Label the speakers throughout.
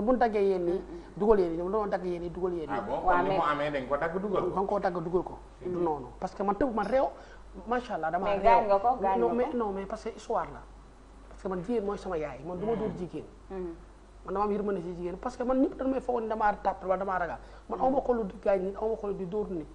Speaker 1: bu ñu dagg yéen dugal yéen nii dama doon dagg yéen dugal yéen nii. Ah waaw mais amee ko dagg dugal ko. koo dagg dugal ko. Mm-hmm. du noonu parce que man tëb man réew. macha allah dama réew mais gaañ nga ko parce que histoire la. parce que man jigéen mooy sama yaay man du ma dóor jigéen. Mm-hmm. man dama am yërmande si jigéen parce que man ñëpp dañu may foog ne damaa tàppal wala damaa ragal man aw ma xolu di gaañ nit aw ma xolu di dóor nit.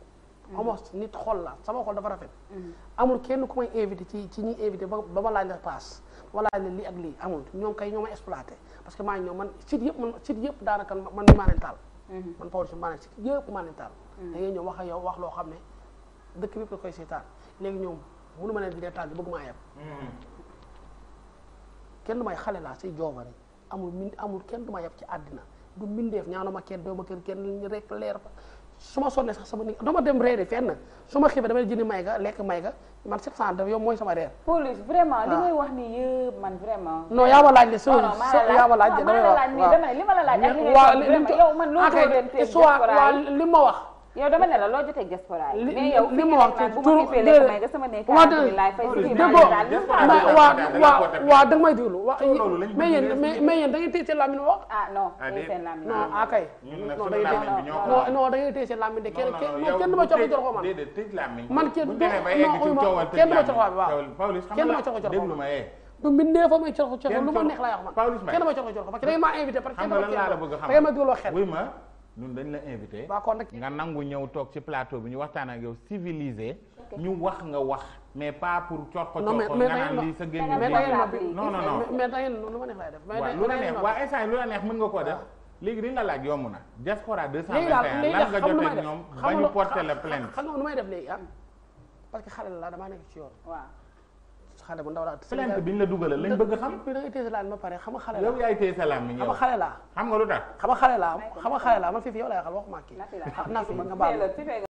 Speaker 1: Mm-hmm. almost nit xol la sama xol dafa rafet. Mm-hmm. amul kenn ku may invité ci ci ñi invité ba ba ma laaj la paas ba ma laaj la lii ak lii amul ñoom kay ñoo ma exploité parce que maa ngi ñëw man site yëpp man site yëpp man mi maa leen taal. Mm-hmm. man Pawlish maa leen site taal. da ngay ñëw wax ak yow wax loo xam ne dëkk bépp koy seetaan léegi ñoom mënu ma leen di taal bi bëgg maa yem. kenn du may xale laa si joobari amul min amul kenn du ma yeb ci àddina du mbindeef ñaanuma kenn doo ma kenn kenn rek leer fa su ma sonnee sax sama ni dama dem reere fenn su ma xiifee damay jëndi may ga lekk may ga man 700 daf yow mooy sama reer. police vraiment li ngay ah. wax nii yëpp man vraiment. non yaa ma laaj ne soo yaa ma laaj. waaw waaw li ma la laaj ak li nga wax waaw waaw li ma wax. yow dama ne la loo jotee diaspora yi. mais yow li mu wax ci turu déedéet waaw waaw waaw danga may déglu waaw mais yéen mais yéen da ngay téye seen làmmiñ wax. ah non ah, non ah kay. non da ngay non da ngay téye seen làmmiñ de kenn kenn du ma cox jox ko man.
Speaker 2: man kenn du ma kenn du ma cox waaw kenn du ma cox jox ko man.
Speaker 1: du mbindee fa may cox cox lu ma neex laa wax man. kenn du ma cox jox ko parce que da ngeen maa invité parce que da ngeen ma dugaloo xel.
Speaker 2: nu dañ la invité nga nangu ñëw toog ci plateau bi ñu waxtaan ak yow civilisé ñu wax nga wax mais pas pour coot ko coot ko nga naan lii sa génn non non non
Speaker 1: mais tey lu ma neex laay def lu la neex waa
Speaker 2: instant lu la neex mën nga ko def ah. léegi li nga laaj yomb na diaspora 221 lan nga jotee ak ñoom ba ñu la plainte xam
Speaker 1: nga nu may def léegi ah parce que xale la damaa nekk ci yoon xale bu ndaw laa. plainte bi la dugalal lañ bëgg xam. da ngay téye sa laaj ma pare xam nga xale la. yow yaay téye
Speaker 2: sa laaj mi ñëw xam nga xale laa. xam nga lu tax.
Speaker 1: xam nga xale laa xam nga xale laa man fii yow laay waxal na fi la na nga baal